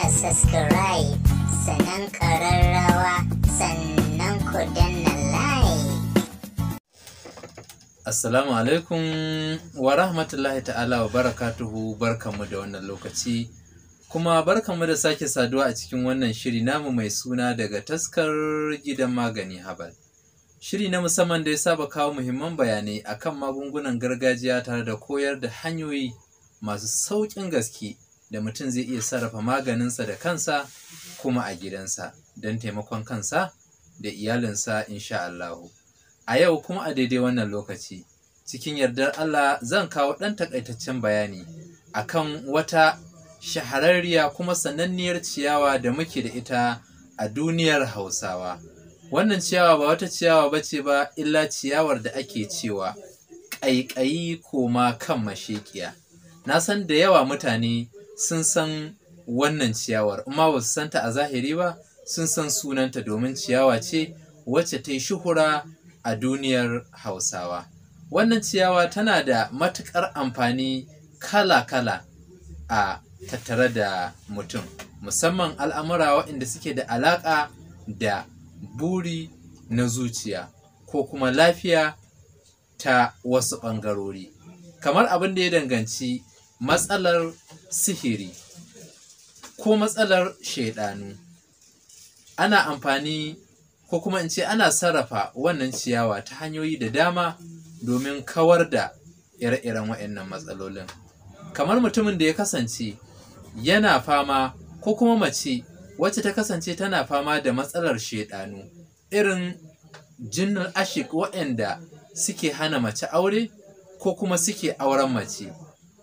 danna subscribe sannan ƙararrawa sannan ku danna like. Assalamu alaikum wa rahmatullahi ta'ala wa barakatuhu barkanmu da wannan lokaci kuma barkanmu da sake saduwa a cikin wannan shiri namu mai suna daga taskar gidan magani habal. Shiri na musamman da ya saba kawo muhimman bayanai akan magungunan gargajiya tare da koyar da hanyoyi masu sauƙin gaske da mutum zai iya sarrafa maganinsa da kansa kuma a gidansa don taimakon kansa da iyalinsa insha Allahu. A yau kuma a daidai wannan lokaci, cikin yardar Allah zan kawo ɗan takaitaccen bayani A kan wata shahararriya kuma sananniyar ciyawa da muke da ita a duniyar Hausawa. Wannan ciyawa ba wata ciyawa ba ce ba illa ciyawar da ake cewa ƙaiƙayi koma kan mashekiya. Na san da yawa mutane sun san wannan ciyawar amma ba su santa a zahiri ba sun san sunanta domin ciyawa ce wacce ta yi shuhura a duniyar hausawa wannan ciyawa tana da matuƙar amfani kala-kala a tattare da mutum musamman al'amura waɗanda suke da alaƙa da buri na zuciya ko kuma lafiya ta wasu ɓangarori kamar abin da ya danganci matsalar sihiri ko matsalar shaidanu ana amfani ko kuma in ce ana sarrafa wannan ciyawa ta hanyoyi da dama domin kawar da ire-iren waɗannan matsalolin kamar mutumin da ya kasance yana fama ko kuma mace wacce ta kasance tana fama da matsalar shaidanu irin jinnin ashik waɗanda suke hana mace aure ko kuma suke auren mace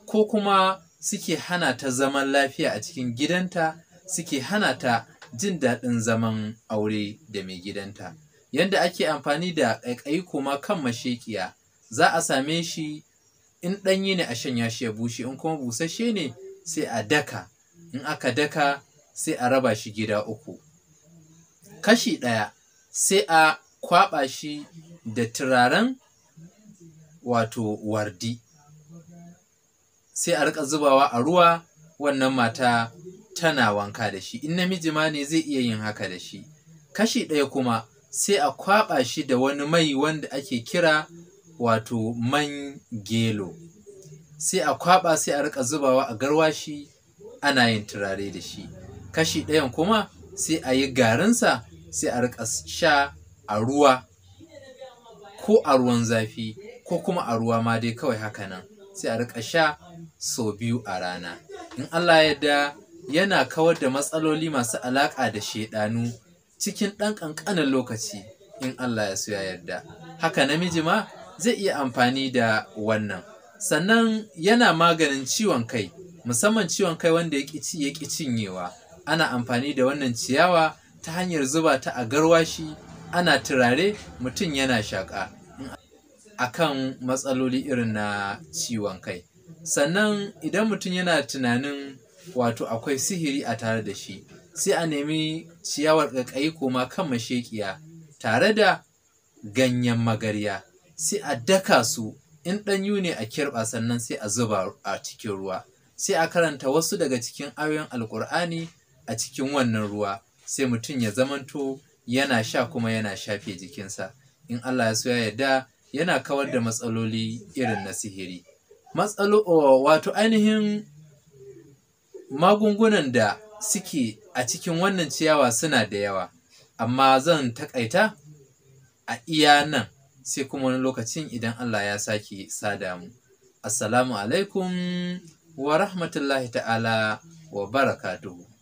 ko kuma suke hana ta zaman lafiya a cikin gidanta suke hana ta jin daɗin zaman aure da mai gidanta yadda ake amfani da ƙaiƙayi kuma kan mashekiya za a same shi in ɗanye ne a shanya shi ya bushe in kuma busasshe ne sai a daka in aka daka sai a raba shi gida uku kashi ɗaya sai a kwaɓa shi da turaren wato wardi sai a rika zubawa a ruwa wannan mata tana wanka da shi in namiji ma ne zai iya yin haka da shi kashi ɗaya kuma sai a kwaɓa shi da wani mai wanda ake kira wato man gelo sai a kwaɓa sai a rika zubawa a garwashi ana yin turare da shi kashi ɗayan kuma sai a yi garinsa sai a rika sha a ruwa ko a ruwan zafi ko kuma a ruwa ma dai kawai haka nan sai a rika sha sau biyu a rana in Allah ya da yana kawar da matsaloli masu alaƙa da shaidanu cikin ɗan ƙanƙanin lokaci in Allah ya so ya yarda haka namiji ma zai iya amfani da wannan sannan yana maganin ciwon kai musamman ciwon kai wanda ya ƙi cinyewa ana amfani da wannan ciyawa ta hanyar zuba ta a garwashi ana turare mutum yana shaƙa akan matsaloli irin na ciwon kai sannan idan mutum yana tunanin wato akwai sihiri a tare da shi sai a nemi ciyawar ƙaƙayi koma kan mashekiya tare da ganyen magarya sai a daka su in ɗanyu ne a kirɓa sannan sai a zuba a cikin ruwa sai a karanta wasu daga cikin ayoyin alƙur'ani a cikin wannan ruwa sai mutum ya zamanto yana sha kuma yana shafe jikinsa in Allah ya so ya yarda yana kawar da matsaloli irin na sihiri matsalo wato ainihin magungunan da suke a cikin wannan ciyawa suna da yawa amma zan takaita a iya nan sai kuma wani lokacin idan Allah ya sake sada mu assalamu alaikum wa rahmatullahi ta'ala wa barakatuhu